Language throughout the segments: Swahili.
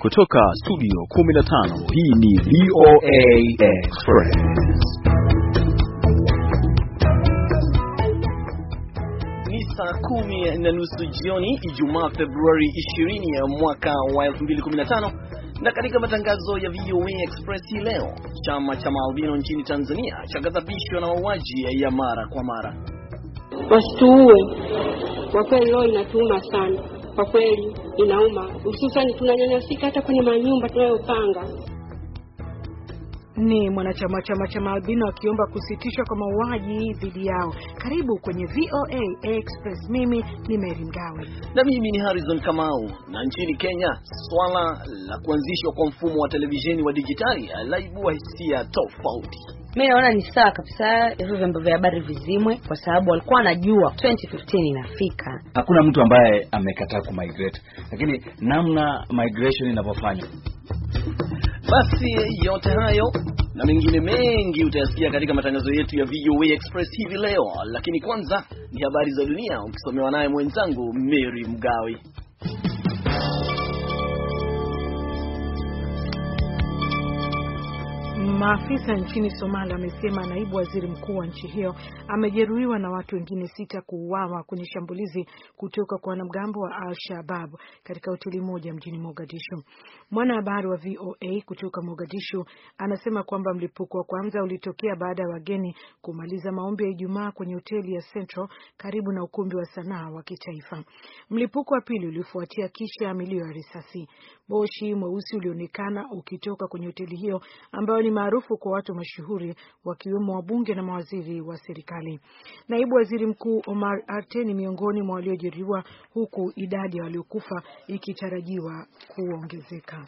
Kutoka studio 15 hii ni VOA Express. Ni saa kumi na nusu jioni Ijumaa Februari 20 ya mwaka wa 2015 na katika matangazo ya VOA Express hii leo, chama cha maalbino nchini Tanzania chagadhabishwa na mauaji ya mara kwa mara. Wasituue kwa kweli, leo inatuuma sana kwa kweli inauma, hususan tunanyanyasika hata kwenye manyumba tunayopanga. Ni mwanachama chama cha maalbino akiomba kusitishwa kwa mauaji dhidi yao. Karibu kwenye VOA Express. Mimi ni Mary Mgawe na mimi ni Harrison Kamau. Na nchini Kenya, swala la kuanzishwa kwa mfumo wa televisheni wa dijitali laibua hisia tofauti. Mimi naona ni sawa kabisa hivyo vyombo vya habari vizimwe, kwa sababu walikuwa wanajua 2015 inafika. Hakuna mtu ambaye amekataa migrate, lakini namna migration inavyofanywa. Basi yote hayo na mengine mengi utayasikia katika matangazo yetu ya VOA Express hivi leo, lakini kwanza ni habari za dunia ukisomewa naye mwenzangu Mary Mgawe. Maafisa nchini Somalia wamesema naibu waziri mkuu wa nchi hiyo amejeruhiwa na watu wengine sita kuuawa kwenye shambulizi kutoka kwa wanamgambo wa al Shabab katika hoteli moja mjini Mogadishu. Mwanahabari wa VOA kutoka Mogadishu anasema kwamba mlipuko wa kwanza ulitokea baada ya wageni kumaliza maombi ya Ijumaa kwenye hoteli ya Central karibu na ukumbi wa sanaa wa kitaifa. Mlipuko wa pili ulifuatia kisha milio ya risasi. Moshi mweusi ulionekana ukitoka kwenye hoteli hiyo ambayo ni maarufu kwa watu mashuhuri wakiwemo wabunge na mawaziri wa serikali. Naibu waziri mkuu Omar Arte ni miongoni mwa waliojeruhiwa, huku idadi ya waliokufa ikitarajiwa kuongezeka.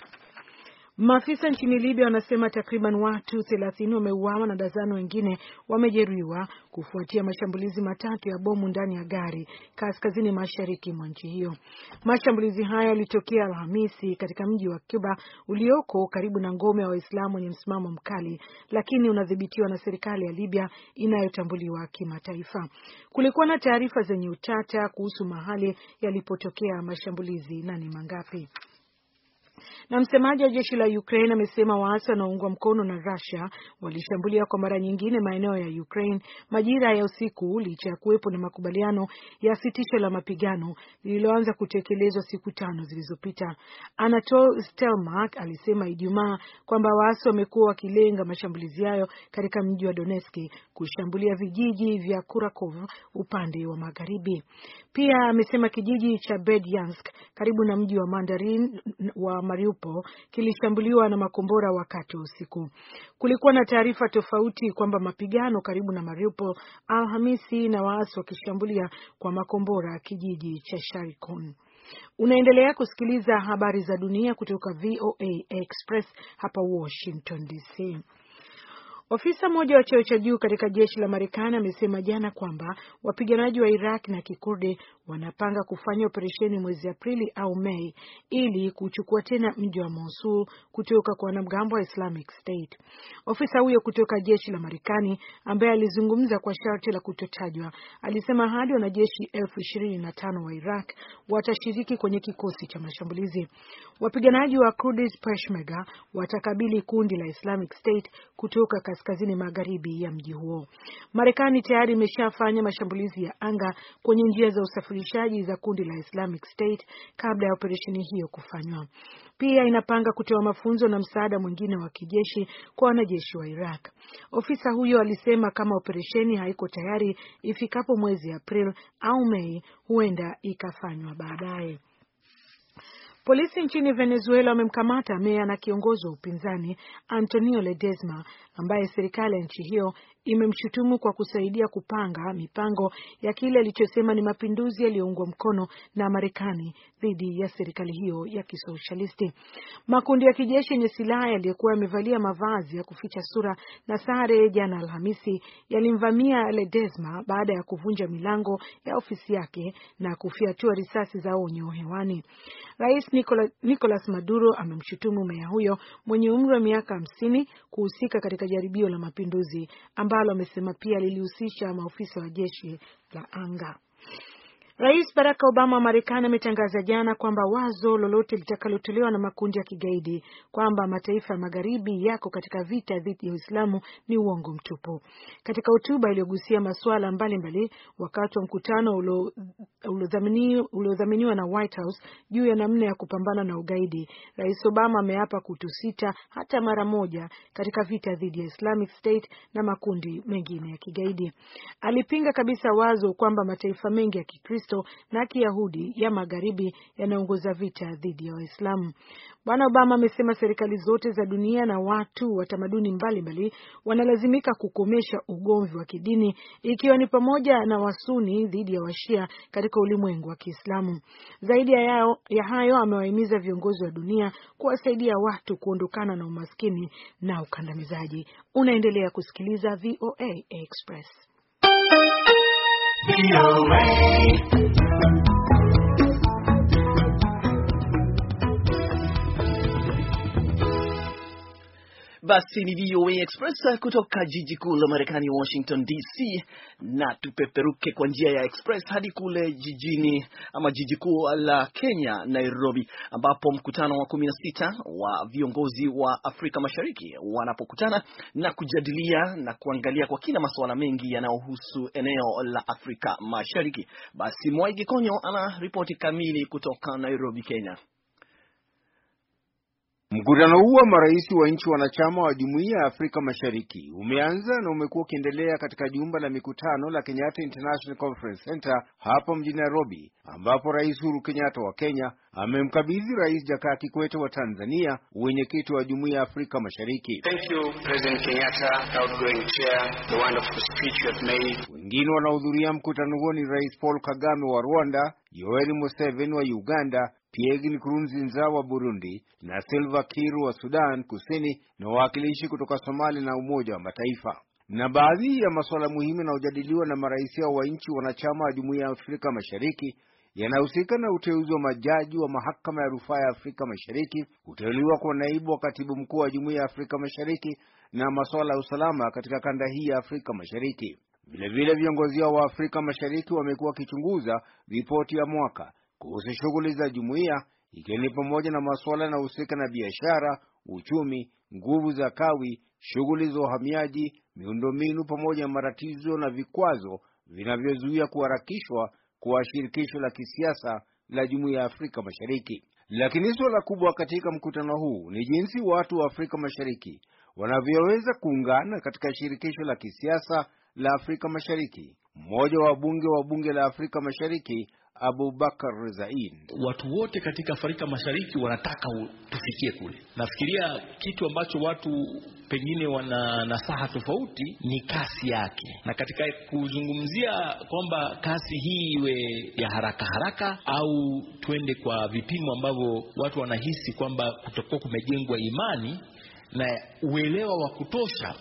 Maafisa nchini Libya wanasema takriban watu 30 wameuawa na dazano wengine wamejeruhiwa kufuatia mashambulizi matatu ya bomu ndani ya gari kaskazini mashariki mwa nchi hiyo. Mashambulizi hayo yalitokea Alhamisi katika mji wa Cuba ulioko karibu na ngome ya wa Waislamu wenye msimamo mkali, lakini unadhibitiwa na serikali ya Libya inayotambuliwa kimataifa. Kulikuwa na taarifa zenye utata kuhusu mahali yalipotokea mashambulizi na ni mangapi. Na msemaji wa jeshi la Ukraine amesema waasi wanaoungwa mkono na Russia walishambulia kwa mara nyingine maeneo ya Ukraine majira ya usiku licha ya kuwepo na makubaliano ya sitisho la mapigano lililoanza kutekelezwa siku tano zilizopita. Anatol Stelmark alisema Ijumaa kwamba waasi wamekuwa wakilenga mashambulizi hayo katika mji wa Donetsk kushambulia vijiji vya Kurakov upande wa magharibi. Pia amesema kijiji cha Berdyansk karibu na mji wa Mandarin wa Mariupol kilishambuliwa na makombora wakati wa usiku. Kulikuwa na taarifa tofauti kwamba mapigano karibu na Mariupol Alhamisi na waasi wakishambulia kwa makombora kijiji cha Sharikon. Unaendelea kusikiliza habari za dunia kutoka VOA Express hapa Washington DC. Ofisa mmoja wa cheo cha juu katika jeshi la Marekani amesema jana kwamba wapiganaji wa Iraq na Kikurdi wanapanga kufanya operesheni mwezi Aprili au Mei ili kuchukua tena mji wa Mosul kutoka kwa wanamgambo wa Islamic State. Ofisa huyo kutoka jeshi la Marekani ambaye alizungumza kwa sharti la kutotajwa, alisema hadi wanajeshi elfu ishirini na tano wa Iraq watashiriki kwenye kikosi cha mashambulizi. Wapiganaji wa Kurdish Peshmerga watakabili kundi la Islamic State kutoka kaskazini magharibi ya mji huo. Marekani tayari imeshafanya mashambulizi ya anga kwenye njia za usafirishaji za kundi la Islamic State kabla ya operesheni hiyo kufanywa. Pia inapanga kutoa mafunzo na msaada mwingine wa kijeshi kwa wanajeshi wa Iraq. Ofisa huyo alisema kama operesheni haiko tayari ifikapo mwezi Aprili au Mei, huenda ikafanywa baadaye. Polisi nchini Venezuela wamemkamata meya na kiongozi wa upinzani Antonio ledesma ambaye serikali ya nchi hiyo imemshutumu kwa kusaidia kupanga mipango ya kile alichosema ni mapinduzi yaliyoungwa mkono na Marekani dhidi ya serikali hiyo ya kisoshalisti. Makundi ya kijeshi yenye silaha yaliyokuwa yamevalia mavazi ya kuficha sura na sare, jana Alhamisi, yalimvamia Ledesma baada ya kuvunja milango ya ofisi yake na kufyatua risasi za onyo hewani. Rais Nicolas, Maduro amemshutumu meya huyo mwenye umri wa miaka hamsini kuhusika katika jaribio la mapinduzi ambalo amesema pia lilihusisha maofisa wa jeshi la anga. Rais Barack Obama wa Marekani ametangaza jana kwamba wazo lolote litakalotolewa na makundi ya kigaidi kwamba mataifa ya magharibi yako katika vita dhidi ya Uislamu ni uongo mtupu. Katika hotuba iliyogusia masuala mbalimbali wakati wa mkutano uliodhaminiwa na White House juu ya namna ya kupambana na ugaidi, Rais Obama ameapa kutusita hata mara moja katika vita dhidi ya Islamic State na makundi mengine ya kigaidi. Alipinga kabisa wazo kwamba mataifa mengi ya Kikristo Kikristo na Kiyahudi ya Magharibi yanaongoza vita dhidi ya Waislamu. Bwana Obama amesema serikali zote za dunia na watu wa tamaduni mbalimbali wanalazimika kukomesha ugomvi wa kidini, ikiwa ni pamoja na Wasuni dhidi ya Washia katika ulimwengu wa Kiislamu. Zaidi ya, yao, ya hayo amewahimiza viongozi wa dunia kuwasaidia watu kuondokana na umaskini na ukandamizaji. Unaendelea kusikiliza VOA Express. VOA. Basi ni VOA Express eh, kutoka jiji kuu la Marekani, Washington DC, na tupeperuke kwa njia ya express hadi kule jijini ama jiji kuu la Kenya, Nairobi, ambapo mkutano wa 16 wa viongozi wa Afrika Mashariki wanapokutana na kujadilia na kuangalia kwa kina masuala mengi yanayohusu eneo la Afrika Mashariki. Basi Mwai Gikonyo ana ripoti kamili kutoka Nairobi, Kenya. Mkutano huu wa marais wa nchi wanachama wa Jumuiya ya Afrika Mashariki umeanza na umekuwa ukiendelea katika jumba la mikutano la Kenyatta International Conference Center hapo mjini Nairobi, ambapo Rais Uhuru Kenyatta wa Kenya amemkabidhi Rais Jakaya Kikwete wa Tanzania uwenyekiti wa Jumuiya ya Afrika Mashariki. Thank you, President Kenyatta, outgoing chair, the wonderful speech you have made. Wengine wanaohudhuria mkutano huo ni Rais Paul Kagame wa Rwanda, Yoweri Museveni wa Uganda Pierre Nkurunziza wa Burundi na Salva Kiir wa Sudan Kusini na wawakilishi kutoka Somalia na Umoja wa Mataifa. Na baadhi ya masuala muhimu yanayojadiliwa na, na marais hao wa nchi wanachama wa Jumuiya ya Afrika Mashariki yanahusika na uteuzi wa majaji wa mahakama ya rufaa ya Afrika Mashariki, kuteuliwa kwa naibu wa katibu mkuu wa Jumuiya ya Afrika Mashariki na masuala ya usalama katika kanda hii ya Afrika Mashariki. Vilevile viongozi hao wa Afrika Mashariki wamekuwa wakichunguza ripoti ya mwaka kuhusu shughuli za jumuiya ikiwa ni pamoja na masuala yanayohusika na biashara, uchumi, nguvu za kawi, shughuli za uhamiaji, miundombinu, pamoja na matatizo na vikwazo vinavyozuia kuharakishwa kwa shirikisho la kisiasa la Jumuiya ya Afrika Mashariki. Lakini suala kubwa katika mkutano huu ni jinsi watu wa Afrika Mashariki wanavyoweza kuungana katika shirikisho la kisiasa la Afrika Mashariki mmoja wa bunge wa bunge la Afrika Mashariki Abubakar zain watu wote katika Afrika Mashariki wanataka tufikie kule. Nafikiria kitu ambacho watu pengine wana nasaha tofauti ni kasi yake, na katika kuzungumzia kwamba kasi hii iwe ya haraka haraka au tuende kwa vipimo ambavyo watu wanahisi kwamba kutakuwa kumejengwa imani na uelewa wa kutosha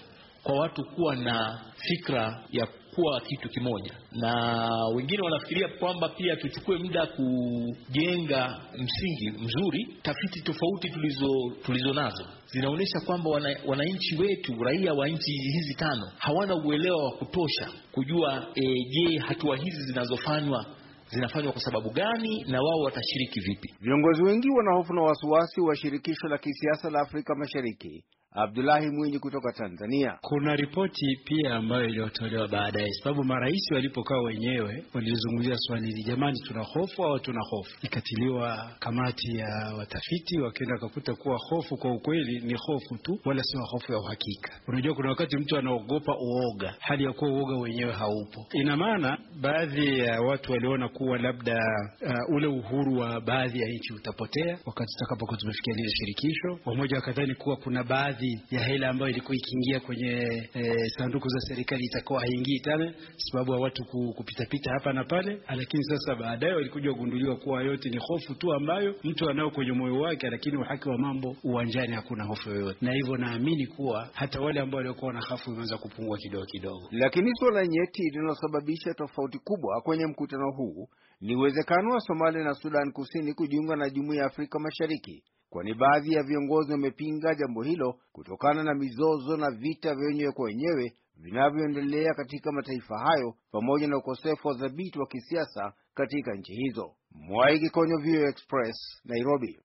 kwa watu kuwa na fikra ya kuwa kitu kimoja, na wengine wanafikiria kwamba pia tuchukue muda kujenga msingi mzuri. Tafiti tofauti tulizo tulizo nazo zinaonyesha kwamba wananchi wana wetu raia wa nchi hizi tano hawana uelewa wa kutosha kujua e, je, hatua hizi zinazofanywa zinafanywa kwa sababu gani na wao watashiriki vipi? Viongozi wengi wana hofu na wasiwasi wa shirikisho la kisiasa la Afrika Mashariki Abdullahi Mwinyi kutoka Tanzania. Kuna ripoti pia ambayo iliyotolewa baadaye, sababu marais walipokaa wenyewe walizungumzia swali hili, jamani, tuna hofu au tuna hofu? Ikatiliwa kamati ya watafiti, wakaenda wakakuta kuwa hofu kwa ukweli ni hofu tu, wala sio hofu ya uhakika. Unajua, kuna wakati mtu anaogopa uoga, hali ya kuwa uoga wenyewe haupo. Ina maana baadhi ya watu waliona kuwa labda uh, ule uhuru wa baadhi ya nchi utapotea wakati tutakapokuwa tumefikia lile shirikisho. Wamoja wakadhani kuwa kuna baadhi baadhi ya hela ambayo ilikuwa ikiingia kwenye e, sanduku za serikali itakuwa haingii tena, sababu ya watu kupitapita hapa na pale. Lakini sasa baadaye walikuja kugunduliwa kuwa yote ni hofu tu ambayo mtu anao kwenye moyo wake, lakini uhaki wa mambo uwanjani hakuna hofu yoyote, na hivyo naamini kuwa hata wale ambao waliokuwa na hofu imeanza kupungua kidogo kidogo. Lakini suala nyeti linalosababisha tofauti kubwa kwenye mkutano huu ni uwezekano wa Somalia na Sudan Kusini kujiunga na Jumuiya ya Afrika Mashariki kwani baadhi ya viongozi wamepinga jambo hilo kutokana na mizozo na vita vya wenyewe kwa wenyewe vinavyoendelea katika mataifa hayo pamoja na ukosefu wa dhabiti wa kisiasa katika nchi hizo. Mwaiki Konyo, VOA Express, Nairobi.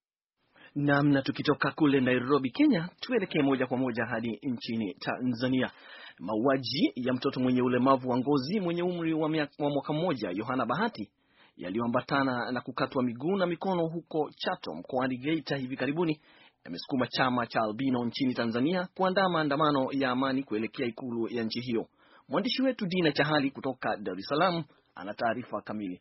Namna tukitoka kule Nairobi, Kenya, tuelekee moja kwa moja hadi nchini Tanzania. Mauaji ya mtoto mwenye ulemavu wa ngozi mwenye umri wa mwaka mmoja Yohana Bahati yaliyoambatana na kukatwa miguu na mikono huko Chato mkoani Geita hivi karibuni yamesukuma chama cha albino nchini Tanzania kuandaa maandamano ya amani kuelekea ikulu ya nchi hiyo. Mwandishi wetu Dina Chahali kutoka Dar es Salaam ana taarifa kamili.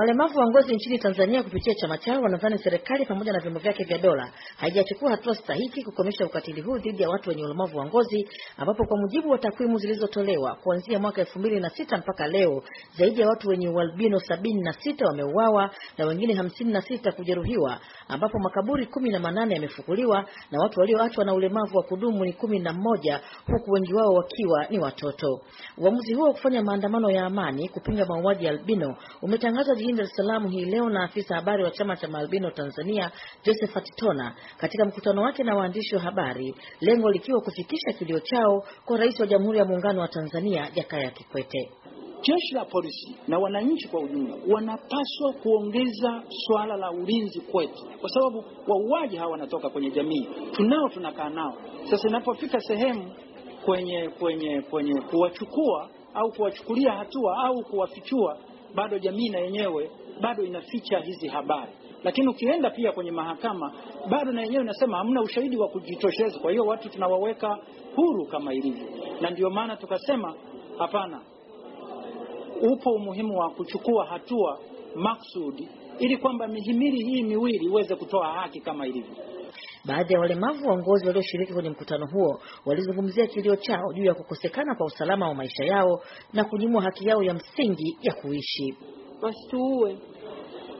Walemavu wa ngozi nchini Tanzania kupitia chama chao wanadhani serikali pamoja na vyombo vyake vya dola haijachukua hatua stahiki kukomesha ukatili huu dhidi ya watu wenye ulemavu wa ngozi, ambapo kwa mujibu wa takwimu zilizotolewa kuanzia mwaka 2006 mpaka leo zaidi ya watu wenye ualbino 76 wameuawa na wengine sita kujeruhiwa, ambapo makaburi 18 yamefukuliwa na watu walioachwa na ulemavu wa kudumu ni kumi na mmoja, huku wengi wao wakiwa ni watoto. Uamuzi huo wa kufanya maandamano ya amani kupinga mauaji ya albino umetangazwa jijini Dar es Salaam hii leo na afisa habari wa chama cha maalbino Tanzania Josephat Tona katika mkutano wake na waandishi wa habari, lengo likiwa kufikisha kilio chao kwa Rais wa Jamhuri ya Muungano wa Tanzania Jakaya Kikwete. Jeshi la polisi na wananchi kwa ujumla wanapaswa kuongeza swala la ulinzi kwetu, kwa sababu wauaji hawa wanatoka kwenye jamii tunao, tunakaa nao. Sasa inapofika sehemu kwenye kwenye kwenye kuwachukua au kuwachukulia hatua au kuwafichua bado jamii na yenyewe bado inaficha hizi habari. Lakini ukienda pia kwenye mahakama bado na yenyewe inasema hamna ushahidi wa kujitosheleza, kwa hiyo watu tunawaweka huru kama ilivyo. Na ndio maana tukasema hapana, upo umuhimu wa kuchukua hatua maksudi ili kwamba mihimili hii miwili iweze kutoa haki kama ilivyo. Baadhi ya walemavu waongozi walioshiriki kwenye mkutano huo walizungumzia kilio chao juu ya kukosekana kwa usalama wa maisha yao na kunyimwa haki yao ya msingi ya kuishi. Wasituue,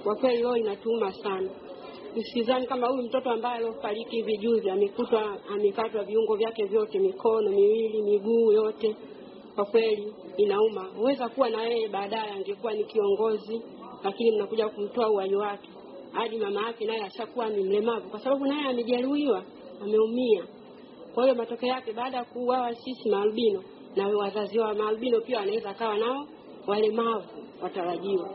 kwa kweli leo inatuuma sana. Sidhani kama huyu mtoto ambaye aliofariki hivi juzi amekutwa amekatwa viungo vyake vyote, mikono miwili, miguu yote, kwa kweli inauma. Huweza kuwa na yeye baadaye angekuwa ni kiongozi, lakini mnakuja kumtoa uhai wake hadi mama yake naye ashakuwa ni mlemavu, kwa sababu naye amejeruhiwa, ameumia. Kwa hiyo matokeo yake baada ya kuuawa sisi maalbino na wazazi wa maalbino pia wanaweza akawa nao walemavu watarajiwa.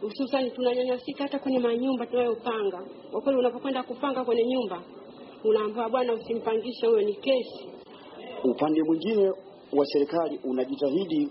Hususani tunanyanyasika hata kwenye manyumba tunayopanga. Kwa kweli, unapokwenda kupanga kwenye nyumba unaambiwa, bwana, usimpangishe, huyo ni kesi. Upande mwingine wa serikali unajitahidi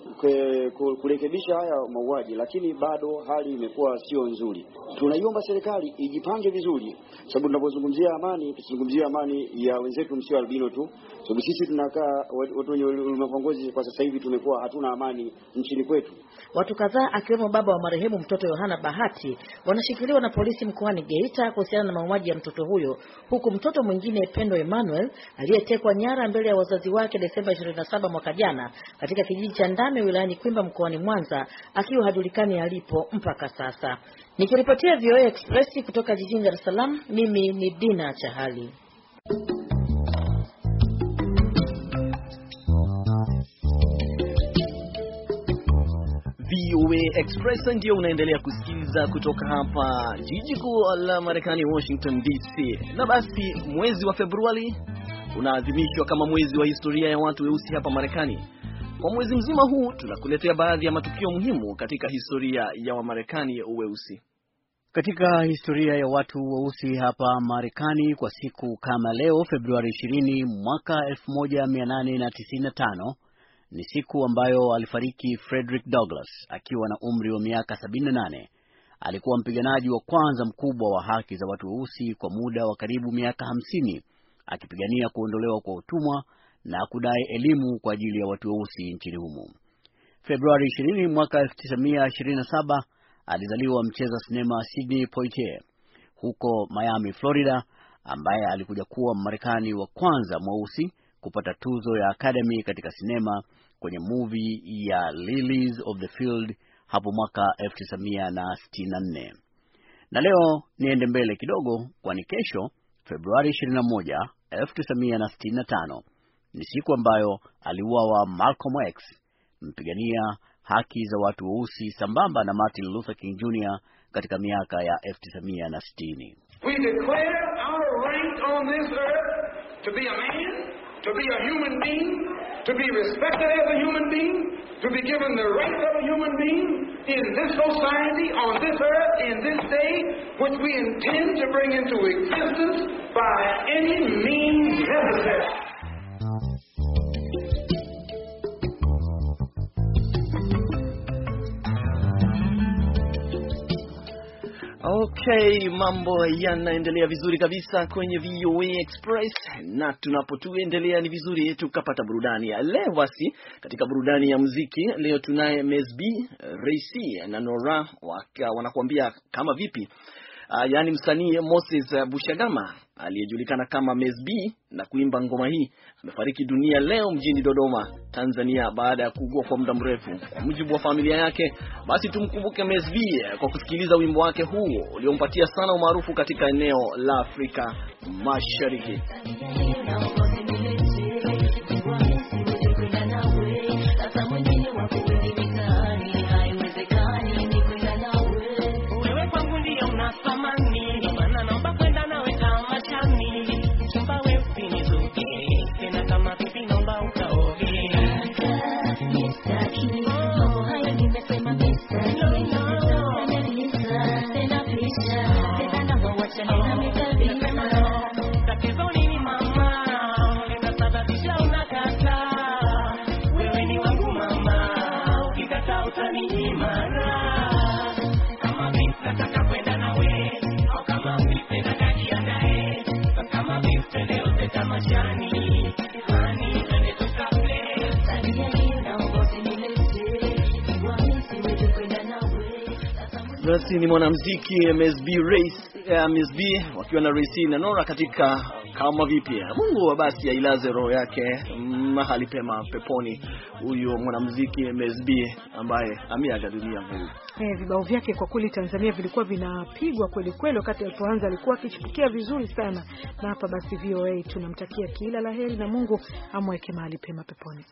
kurekebisha haya mauaji, lakini bado hali imekuwa sio nzuri. Tunaiomba serikali ijipange vizuri, sababu tunapozungumzia amani tusizungumzie amani ya wenzetu msio albino tu, sababu sisi tunakaa watu wenye ulemavu wa ngozi kwa sasa hivi tumekuwa hatuna amani nchini kwetu. Watu kadhaa akiwemo baba wa marehemu mtoto Yohana Bahati wanashikiliwa na polisi mkoani Geita kuhusiana na mauaji ya mtoto huyo, huku mtoto mwingine Pendo Emmanuel aliyetekwa nyara mbele ya wazazi wake Desemba 27 mwaka jana katika kijiji cha Ndame wilayani Kwimba mkoani Mwanza akiwa hajulikani alipo mpaka sasa. Nikiripotia VOA Express kutoka jijini Dar es Salaam, mimi ni Dina Chahali. VOA Express ndio unaendelea kusikiliza kutoka hapa jiji kuu la Marekani, Washington DC. Na basi mwezi wa Februari unaadhimishwa kama mwezi wa historia ya watu weusi hapa Marekani. Kwa mwezi mzima huu tunakuletea baadhi ya matukio muhimu katika historia ya Wamarekani weusi. Katika historia ya watu weusi hapa Marekani, kwa siku kama leo Februari 20 mwaka 1895 ni siku ambayo alifariki Frederick Douglass akiwa na umri wa miaka 78. Alikuwa mpiganaji wa kwanza mkubwa wa haki za watu weusi kwa muda wa karibu miaka 50, akipigania kuondolewa kwa utumwa na kudai elimu kwa ajili ya watu weusi nchini humo. Februari 20 mwaka 1927 alizaliwa mcheza sinema Sidney Poitier huko Miami, Florida, ambaye alikuja kuwa Mmarekani wa kwanza mweusi kupata tuzo ya Academy katika sinema kwenye movie ya Lilies of the Field hapo mwaka 1964. Na leo niende mbele kidogo, kwani kesho Februari 21, 1965 ni siku ambayo aliuawa Malcolm X, mpigania haki za watu weusi sambamba na Martin Luther King Jr katika miaka ya 1960. to be a man, to be a human being. to be respected as a human being, to be given the rights of a human being in this society, on this earth, in this day, which we intend to bring into existence by any means necessary. Okay, mambo yanaendelea vizuri kabisa kwenye VOA Express, na tunapotuendelea ni vizuri tukapata burudani ya leo. Basi katika burudani ya muziki leo tunaye Mesb Reisi na Nora wanakuambia kama vipi uh, yaani msanii Moses ah, Bushagama aliyejulikana kama Mez B na kuimba ngoma hii amefariki dunia leo mjini Dodoma, Tanzania, baada ya kuugua kwa muda mrefu. Kwa mujibu wa familia yake, basi tumkumbuke Mez B ah, kwa kusikiliza wimbo wake huo uliompatia sana umaarufu katika eneo la Afrika Mashariki. Basi ni mwanamuziki MSB Race, MSB wakiwa na Race na Nora katika kama vipi. Mungu basi ailaze roho yake mm, mahali pema peponi, huyo mwanamuziki MSB ambaye ameaga dunia. Eh, vibao vyake kwa kweli Tanzania vilikuwa vinapigwa kweli kweli, wakati alipoanza alikuwa akichipukia vizuri sana, na hapa basi VOA tunamtakia kila laheri na Mungu amweke mahali pema peponi.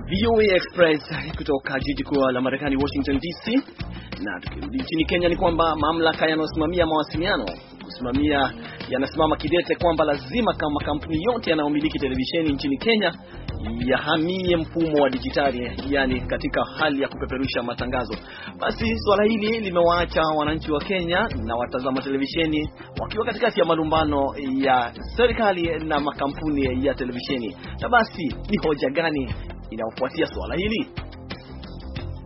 VOA Express kutoka jiji kuu la Marekani Washington DC. Na tukirudi nchini Kenya ni kwamba mamlaka yanayosimamia mawasiliano kusimamia yanasimama kidete kwamba lazima kama kampuni yote yanayomiliki televisheni nchini Kenya yahamie mfumo wa dijitali, yani katika hali ya kupeperusha matangazo. Basi swala hili limewaacha wananchi wa Kenya na watazama televisheni wakiwa katikati ya malumbano ya serikali na makampuni ya televisheni. Na basi ni hoja gani inayofuatia swala hili?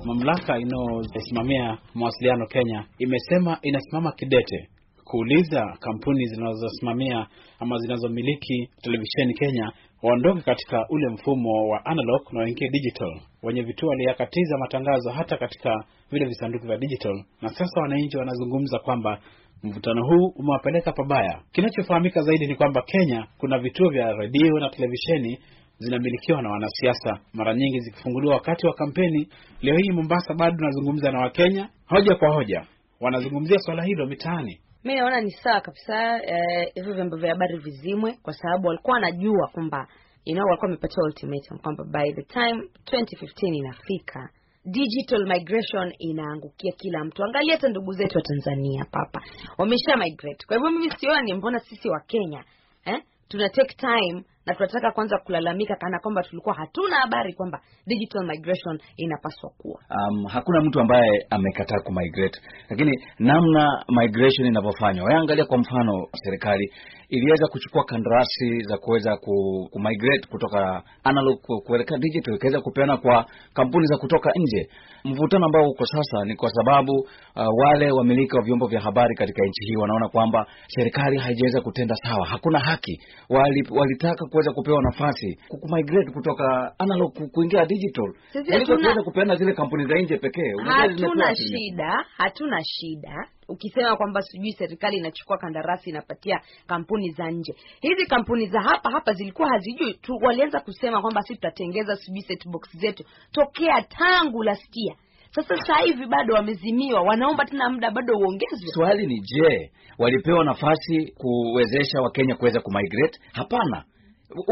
Mamlaka inayosimamia mawasiliano Kenya imesema inasimama kidete kuuliza kampuni zinazosimamia ama zinazomiliki televisheni Kenya waondoke katika ule mfumo wa analog na waingie digital. Wenye vituo waliyakatiza matangazo hata katika vile visanduku vya digital, na sasa wananchi wanazungumza kwamba mvutano huu umewapeleka pabaya. Kinachofahamika zaidi ni kwamba Kenya kuna vituo vya redio na televisheni zinamilikiwa na wanasiasa, mara nyingi zikifunguliwa wakati wa kampeni. Leo hii Mombasa bado nazungumza na Wakenya hoja kwa hoja, wanazungumzia swala hilo mitaani. Mimi naona ni sawa kabisa eh, hivyo eh, vyombo vya habari vizimwe, kwa sababu walikuwa wanajua kwamba you know, walikuwa wamepatiwa ultimatum kwamba by the time 2015 inafika digital migration inaangukia kila mtu. Angalia hata ndugu zetu wa Tanzania papa wamesha migrate. Kwa hivyo mimi sioni mbona sisi wa Kenya eh, tuna take time na tunataka kwanza kulalamika kana kwamba tulikuwa hatuna habari kwamba digital migration inapaswa kuwa. Um, hakuna mtu ambaye amekataa kumigrate lakini namna migration inavyofanywa, waangalia kwa mfano, serikali iliweza kuchukua kandarasi za kuweza kumigrate kutoka analog kuelekea digital, ikaweza kupeana kwa kampuni za kutoka nje. Mvutano ambao uko sasa ni kwa sababu uh, wale wamiliki wa vyombo vya habari katika nchi hii wanaona kwamba serikali haijaweza kutenda sawa, hakuna haki. Walitaka kuweza kupewa nafasi kumigrate kutoka analog kuingia digital, yaani kuweza kupeana zile kampuni za nje pekee. Hatuna shida, hatuna shida ukisema kwamba sijui serikali inachukua kandarasi inapatia kampuni za nje. Hizi kampuni za hapa hapa zilikuwa hazijui tu, walianza kusema kwamba sisi tutatengeza sijui set box zetu tokea tangu lastia Sasa sasa hivi bado wamezimiwa, wanaomba tena muda bado uongezwe. Swali ni je, walipewa nafasi kuwezesha Wakenya kuweza kumigrate? Hapana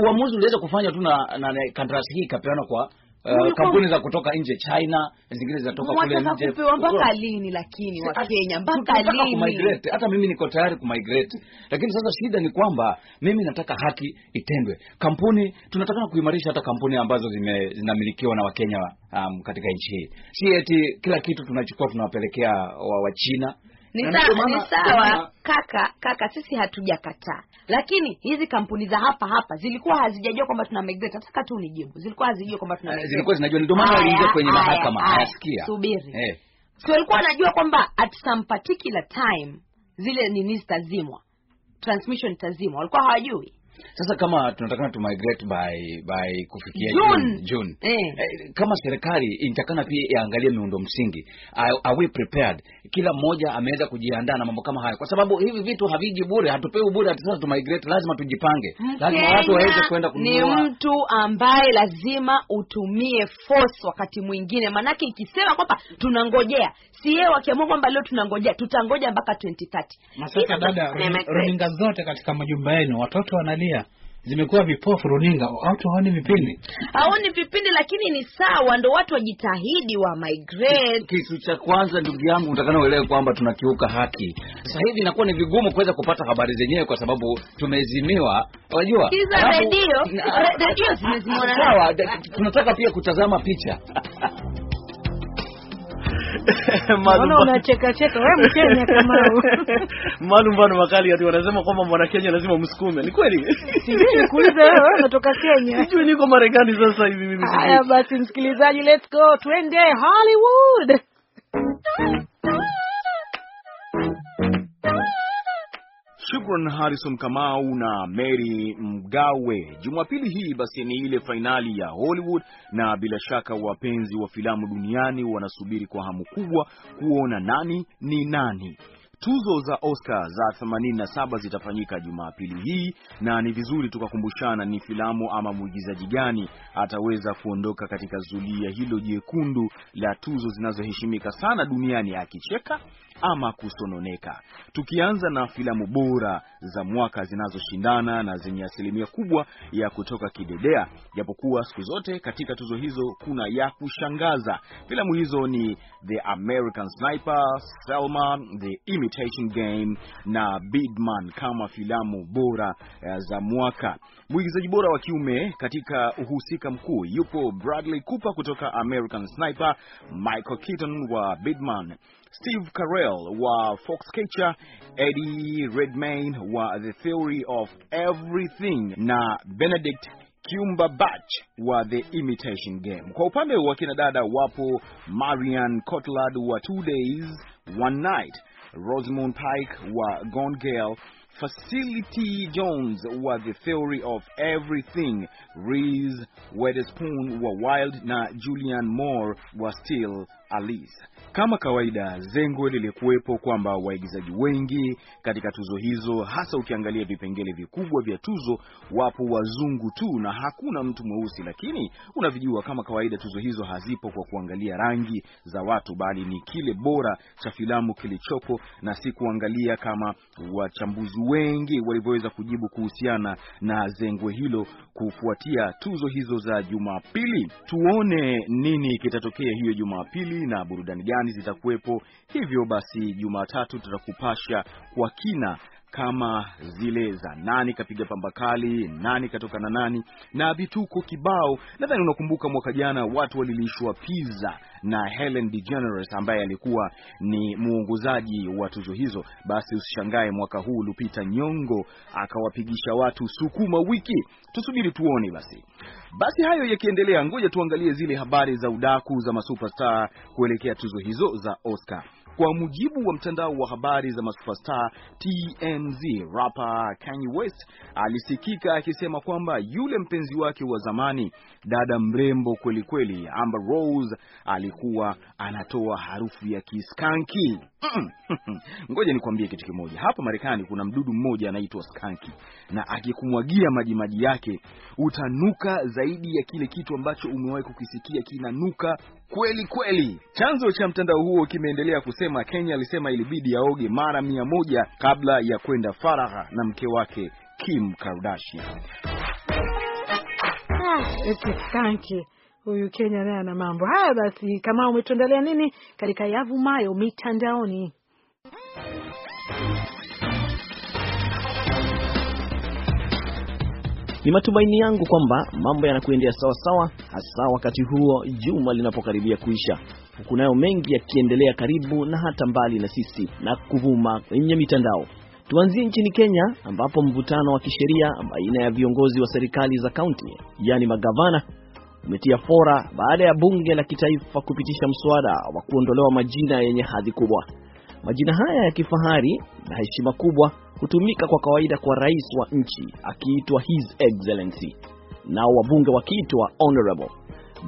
uamuzi uliweza kufanywa tu na, na, na kandarasi hii ikapeana kwa Uh, kampuni za kutoka nje China, zingine zinatoka kule nje. Kupewa mpaka lini? Lakini wa Kenya mpaka lini kumigrate? Hata mimi niko tayari kumigrate, lakini sasa shida ni kwamba mimi nataka haki itendwe. Kampuni tunataka kuimarisha hata kampuni ambazo zime, zinamilikiwa na Wakenya um, katika nchi hii, si eti kila kitu tunachukua tunawapelekea wa, wa China ni sawa ni sawa kaka, kaka, sisi hatujakataa, lakini hizi kampuni za hapa hapa zilikuwa hazijajua kwamba tuna migrate. Nataka tu ni nijibu, zilikuwa hazijajua kwamba tuna eh, migrate, zilikuwa zinajua, ndio maana waliingia kwenye mahakama. Hayasikia, subiri eh. sio walikuwa wanajua kwamba at some particular time zile nini zitazimwa, transmission tazimwa walikuwa hawajui sasa kama tunatakana tu migrate by by kufikia June, June. Eh. eh. Kama serikali inatakana pia iangalie miundo msingi. Are, are we prepared? Kila mmoja ameweza kujiandaa na mambo kama haya, kwa sababu hivi vitu haviji bure, hatupewi bure. Hata sasa tu migrate, lazima tujipange, lazima watu waweze kwenda kununua. Ni mtu ambaye lazima utumie force wakati mwingine, manake ikisema kwamba tunangojea si yeye, wakiamua kwamba leo tunangojea, tutangoja mpaka 2030. Masaka eh, dada, runinga zote katika majumba yenu watoto wanalia Tanzania zimekuwa vipofu runinga, watu haoni vipindi, haoni vipindi, lakini ni sawa, ndo watu wajitahidi wa migrate. Kitu cha kwanza, ndugu yangu, utakana uelewe kwamba tunakiuka haki. Sasa hivi inakuwa ni vigumu kuweza kupata habari zenyewe kwa sababu tumezimiwa, unajua hizo redio, redio zimezimwa. Sawa, tunataka pia kutazama picha unacheka cheka wewe Mkenya kama malumbano makali ati wanasema kwamba mwana Kenya lazima msukume. Ni kweli? Sijui kuuliza wewe unatoka Kenya. Sijui niko Marekani sasa hivi mimi. Haya basi, msikilizaji, let's go twende Hollywood. Shukran Harrison Kamau na Mary Mgawe. Jumapili hii basi ni ile fainali ya Hollywood, na bila shaka wapenzi wa filamu duniani wanasubiri kwa hamu kubwa kuona nani ni nani. Tuzo za Oscar za 87 zitafanyika Jumapili hii na ni vizuri tukakumbushana ni filamu ama mwigizaji gani ataweza kuondoka katika zulia hilo jekundu la tuzo zinazoheshimika sana duniani akicheka ama kusononeka. Tukianza na filamu bora za mwaka zinazoshindana na zenye asilimia kubwa ya kutoka kidedea, japokuwa siku zote katika tuzo hizo kuna ya kushangaza. Filamu hizo ni The American Sniper, Selma, The Imitation Game na Birdman kama filamu bora eh, za mwaka. Mwigizaji bora wa kiume katika uhusika mkuu yupo Bradley Cooper kutoka American Sniper, Michael Keaton wa Birdman. Steve Carell wa Fox Catcher, Eddie Redmayne wa The Theory of Everything na Benedict Cumberbatch wa The Imitation Game. Kwa upande wa kina dada wapo Marian Cotillard wa Two Days One Night, Rosamund Pike wa Gone Girl, Facility Jones wa The Theory of Everything, Reese Witherspoon wa Wild na Julian Moore wa Still Alice. Kama kawaida, zengwe lilikuwepo kwamba waigizaji wengi katika tuzo hizo, hasa ukiangalia vipengele vikubwa vya tuzo, wapo wazungu tu na hakuna mtu mweusi. Lakini unavijua kama kawaida, tuzo hizo hazipo kwa kuangalia rangi za watu, bali ni kile bora cha filamu kilichoko, na si kuangalia kama wachambuzi wengi walivyoweza kujibu kuhusiana na zengwe hilo kufuatia tuzo hizo za Jumapili. Tuone nini kitatokea hiyo Jumapili na burudani gani zitakuwepo. Hivyo basi, Jumatatu tutakupasha kwa kina kama zile za nani kapiga pamba kali, nani katoka na nani na vituko kibao. Nadhani unakumbuka mwaka jana watu walilishwa pizza na Helen DeGeneres ambaye alikuwa ni muongozaji wa tuzo hizo. Basi usishangae mwaka huu Lupita Nyong'o akawapigisha watu sukuma wiki. Tusubiri tuone. Basi basi, hayo yakiendelea, ngoja tuangalie zile habari za udaku za masuperstar kuelekea tuzo hizo za Oscar. Kwa mujibu wa mtandao wa habari za Superstar TMZ, rapa Kanye West alisikika akisema kwamba yule mpenzi wake wa zamani, dada mrembo kwelikweli, Amber Rose alikuwa anatoa harufu ya kiskanki. Ngoja nikwambie kitu kimoja, hapa Marekani kuna mdudu mmoja anaitwa skanki, na akikumwagia majimaji yake utanuka zaidi ya kile kitu ambacho umewahi kukisikia kinanuka kweli kweli. Chanzo cha mtandao huo kimeendelea kusema Kenya alisema ilibidi aoge mara mia moja kabla ya kwenda faragha na mke wake Kim Kardashian. Ah, huyu Kenya naye ana mambo haya. Basi kama umetuendelea nini katika yavumayo mitandaoni? Ni matumaini yangu kwamba mambo yanakuendea sawasawa, hasa wakati huo juma linapokaribia kuisha, huku nayo mengi yakiendelea karibu na hata mbali na sisi na kuvuma kwenye mitandao. Tuanzie nchini Kenya ambapo mvutano wa kisheria baina ya viongozi wa serikali za kaunti, yaani magavana, umetia fora baada ya bunge la kitaifa kupitisha mswada wa kuondolewa majina yenye hadhi kubwa. Majina haya ya kifahari na heshima kubwa hutumika kwa kawaida kwa rais wa nchi akiitwa His Excellency, nao wabunge wakiitwa Honorable.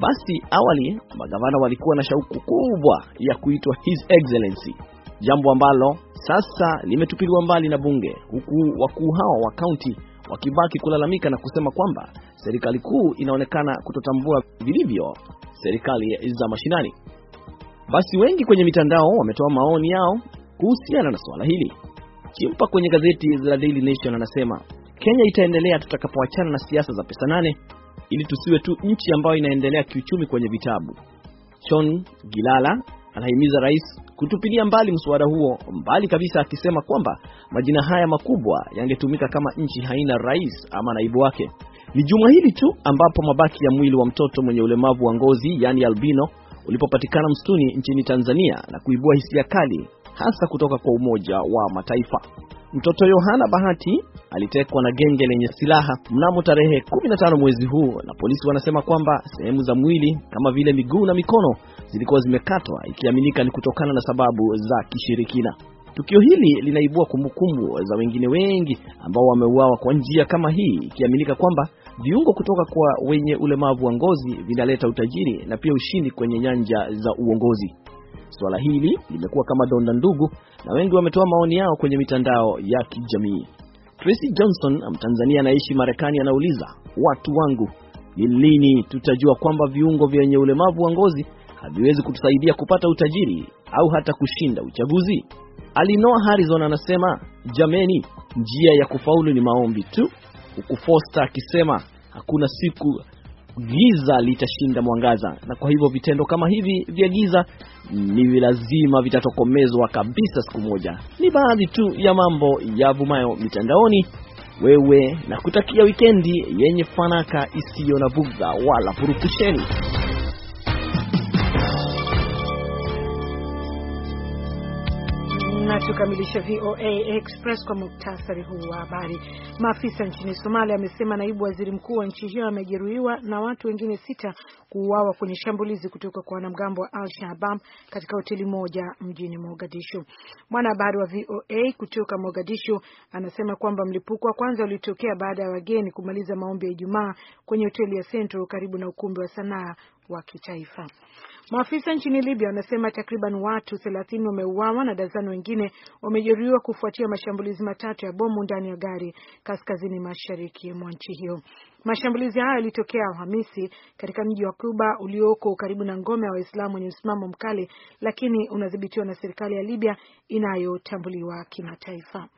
Basi awali magavana walikuwa na shauku kubwa ya kuitwa His Excellency, jambo ambalo sasa limetupiliwa mbali na bunge, huku wakuu hao wa kaunti wakibaki kulalamika na kusema kwamba serikali kuu inaonekana kutotambua vilivyo serikali za mashinani. Basi wengi kwenye mitandao wametoa maoni yao kuhusiana na suala hili. Chimpa kwenye gazeti la Daily Nation anasema Kenya itaendelea tutakapoachana na siasa za pesa nane ili tusiwe tu nchi ambayo inaendelea kiuchumi kwenye vitabu. Chon Gilala anahimiza rais kutupilia mbali mswada huo mbali kabisa, akisema kwamba majina haya makubwa yangetumika kama nchi haina rais ama naibu wake. Ni juma hili tu ambapo mabaki ya mwili wa mtoto mwenye ulemavu wa ngozi yani albino ulipopatikana msituni nchini Tanzania na kuibua hisia kali hasa kutoka kwa Umoja wa Mataifa. Mtoto Yohana Bahati alitekwa na genge lenye silaha mnamo tarehe 15 mwezi huu, na polisi wanasema kwamba sehemu za mwili kama vile miguu na mikono zilikuwa zimekatwa, ikiaminika ni kutokana na sababu za kishirikina. Tukio hili linaibua kumbukumbu za wengine wengi ambao wameuawa kwa njia kama hii, ikiaminika kwamba Viungo kutoka kwa wenye ulemavu wa ngozi vinaleta utajiri na pia ushindi kwenye nyanja za uongozi. Suala hili limekuwa kama donda ndugu na wengi wametoa maoni yao kwenye mitandao ya kijamii. Tracy Johnson, Mtanzania anaishi Marekani, anauliza, watu wangu, ni lini tutajua kwamba viungo vyenye ulemavu wa ngozi haviwezi kutusaidia kupata utajiri au hata kushinda uchaguzi? Alinoa Harrison anasema, jameni, njia ya kufaulu ni maombi tu huku Foster akisema hakuna siku giza litashinda mwangaza, na kwa hivyo vitendo kama hivi vya giza ni lazima vitatokomezwa kabisa siku moja. Ni baadhi tu ya mambo yavumayo mitandaoni wewe, na kutakia wikendi yenye fanaka isiyo na bughudha wala purukusheni. tukamilishe VOA Express kwa muktasari huu wa habari. Maafisa nchini Somalia amesema naibu waziri mkuu wa nchi hiyo amejeruhiwa na watu wengine sita kuuawa kwenye shambulizi kutoka kwa wanamgambo wa Al-Shabaab katika hoteli moja mjini Mogadishu. Mwanahabari wa VOA kutoka Mogadishu anasema kwamba mlipuko wa kwanza ulitokea baada ya wageni kumaliza maombi ya Ijumaa kwenye hoteli ya Central karibu na ukumbi wa sanaa wa kitaifa. Maafisa nchini Libya wanasema takriban watu 30 wameuawa na dazani wengine wamejeruhiwa kufuatia mashambulizi matatu ya bomu ndani ya gari kaskazini mashariki mwa nchi hiyo. Mashambulizi hayo yalitokea Alhamisi katika mji wa Kuba ulioko karibu na ngome ya wa Waislamu wenye msimamo mkali, lakini unadhibitiwa na serikali ya Libya inayotambuliwa kimataifa.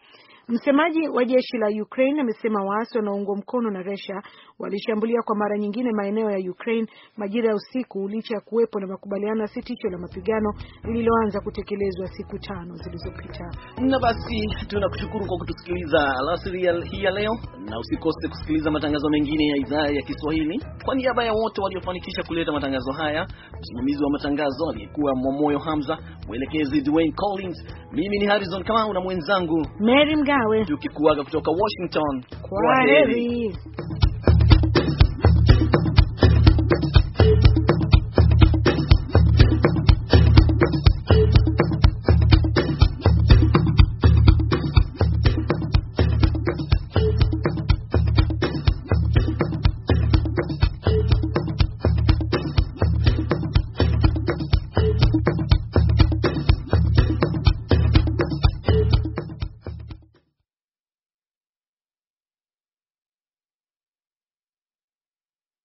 Msemaji wa jeshi la Ukraine amesema waasi wanaoungwa mkono na Russia walishambulia kwa mara nyingine maeneo ya Ukraine majira ya usiku licha ya kuwepo na makubaliano ya sitisho la mapigano lililoanza kutekelezwa siku tano zilizopita. Na basi tunakushukuru kwa kutusikiliza alasiri hii ya leo, na usikose kusikiliza matangazo mengine ya idhaa ya Kiswahili. Kwa niaba ya wote waliofanikisha kuleta matangazo haya, msimamizi wa matangazo aliyekuwa Mwamoyo Hamza, mwelekezi Dwayne Collins, mimi ni Harrison Kamau na mwenzangu Mary Mgawe tukikuaga kutoka Washington. Kwa